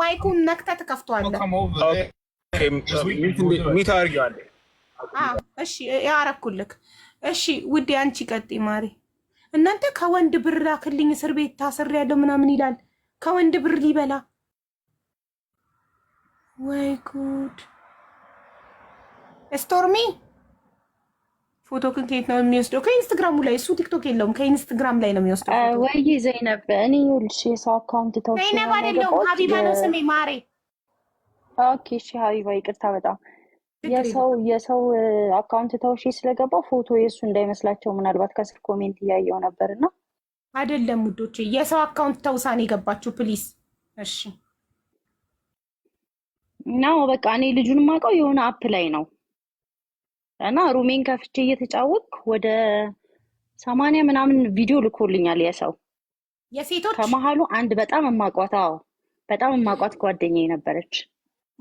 ማይኩን ነክተህ ትከፍቷለህ። ሚት አድርጊዋለሁ። እሺ ያረኩልክ። እሺ ውዴ አንቺ ቀጥይ ማሪ። እናንተ ከወንድ ብር ላክልኝ እስር ቤት ያለው ምናምን ይላል። ከወንድ ብር ሊበላ ወይ ጉድ ስቶርሚ ፎቶ ግን ከየት ነው የሚወስደው? ከኢንስትግራሙ ላይ እሱ ቲክቶክ የለውም። ከኢንስትግራም ላይ ነው የሚወስደው። ወይ ዘይነብ፣ እኔ ይኸውልሽ የሰው አካውንት ተው። ዘይነብ አይደለሁም ሀቢባ ነው ስሜ ማሬ። ኦኬ እሺ ሀቢባ፣ ይቅርታ በጣም የሰው የሰው አካውንት ተውሽ ስለገባው ፎቶ የእሱ እንዳይመስላቸው ምናልባት ከስር ኮሜንት እያየው ነበር እና አይደለም ውዶች የሰው አካውንት ተውሳኔ የገባችሁ ፕሊስ። እሺ ነው በቃ እኔ ልጁን ማውቀው የሆነ አፕ ላይ ነው እና ሩሜን ከፍቼ እየተጫወቅ ወደ ሰማንያ ምናምን ቪዲዮ ልኮልኛል የሰው የሴቶች ከመሀሉ አንድ በጣም የማቋት አዎ በጣም የማቋት ጓደኛ ነበረች።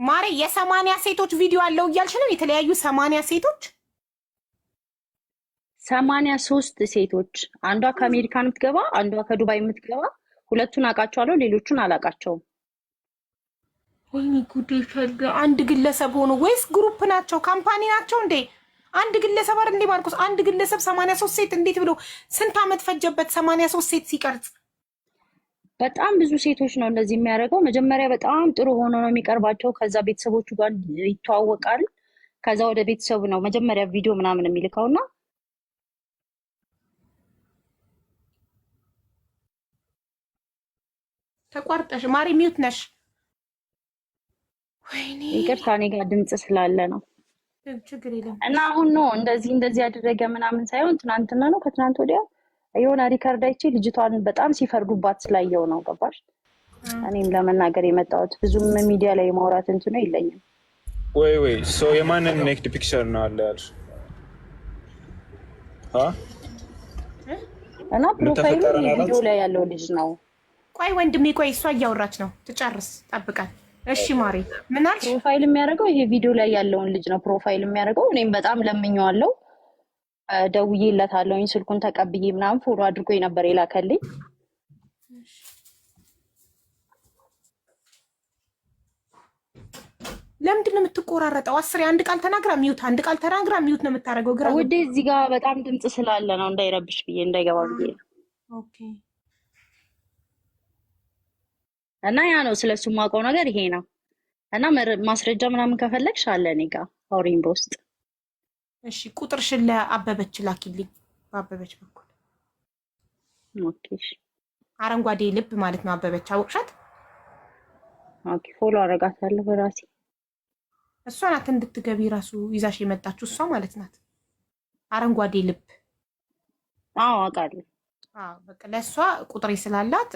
ማሬ የሰማንያ ሴቶች ቪዲዮ አለው እያልሽ ነው? የተለያዩ ሰማንያ ሴቶች ሰማንያ ሶስት ሴቶች አንዷ ከአሜሪካ የምትገባ አንዷ ከዱባይ የምትገባ ሁለቱን አውቃቸዋለሁ፣ ሌሎቹን አላውቃቸውም። ወይኔ ጉዴ! አንድ ግለሰብ ሆኑ ወይስ ግሩፕ ናቸው? ካምፓኒ ናቸው እንዴ? አንድ ግለሰብ አይደል እንዴ ማርቆስ? አንድ ግለሰብ 83 ሴት እንዴት ብሎ ስንት አመት ፈጀበት? 83 ሴት ሲቀርጽ በጣም ብዙ ሴቶች ነው እንደዚህ የሚያደርገው። መጀመሪያ በጣም ጥሩ ሆኖ ነው የሚቀርባቸው። ከዛ ቤተሰቦቹ ጋር ይተዋወቃል። ከዛ ወደ ቤተሰቡ ነው መጀመሪያ ቪዲዮ ምናምን የሚልከው እና ተቋርጠሽ ማሪ ሚዩት ነሽ። ወይኔ ይቅርታ፣ እኔ ጋር ድምፅ ስላለ ነው። እና አሁን ነው እንደዚህ እንደዚህ ያደረገ ምናምን ሳይሆን ትናንትና ነው ከትናንት ወዲያ የሆነ ሪከርድ አይቼ ልጅቷን በጣም ሲፈርዱባት ስላየው ነው። ገባሽ? እኔም ለመናገር የመጣሁት ብዙም ሚዲያ ላይ የማውራት እንትኑ የለኝም። ወይ ወይ ሶ የማንን ኔክድ ፒክቸር ነው አለ ያልሽ? እና ፕሮፋይሉ ቪዲዮ ላይ ያለው ልጅ ነው። ቆይ ወንድሜ፣ ቆይ እሷ እያወራች ነው፣ ትጨርስ፣ ጠብቃል እሺ ማሬ ምን አልሽ? ፕሮፋይል የሚያደርገው ይሄ ቪዲዮ ላይ ያለውን ልጅ ነው ፕሮፋይል የሚያደርገው። እኔም በጣም ለምኜዋለሁ፣ ደውዬለታለሁኝ፣ ስልኩን ተቀብዬ ምናምን ፎሎ አድርጎ ነበር የላከልኝ። ለምንድን ነው የምትቆራረጠው? አስሬ አንድ ቃል ተናግራ ሚዩት፣ አንድ ቃል ተናግራ ሚዩት ነው የምታደርገው። ግራ ውዴ፣ እዚህ ጋር በጣም ድምፅ ስላለ ነው እንዳይረብሽ ብዬ እንዳይገባ ብዬ ነው። ኦኬ እና ያ ነው ስለሱ የማውቀው ነገር ይሄ ነው። እና ማስረጃ ምናምን ከፈለግሽ አለ እኔ ጋ አውሪምቦ ውስጥ። እሺ ቁጥርሽን ለአበበች ላኪልኝ። በአበበች በኩል አረንጓዴ ልብ ማለት ነው። አበበች አወቅሻት? ፎሎ አረጋታለሁ በራሴ። እሷ ናት እንድትገቢ ራሱ ይዛሽ የመጣችው እሷ ማለት ናት። አረንጓዴ ልብ አዎ፣ አውቃለሁ። በቃ ለእሷ ቁጥሬ ስላላት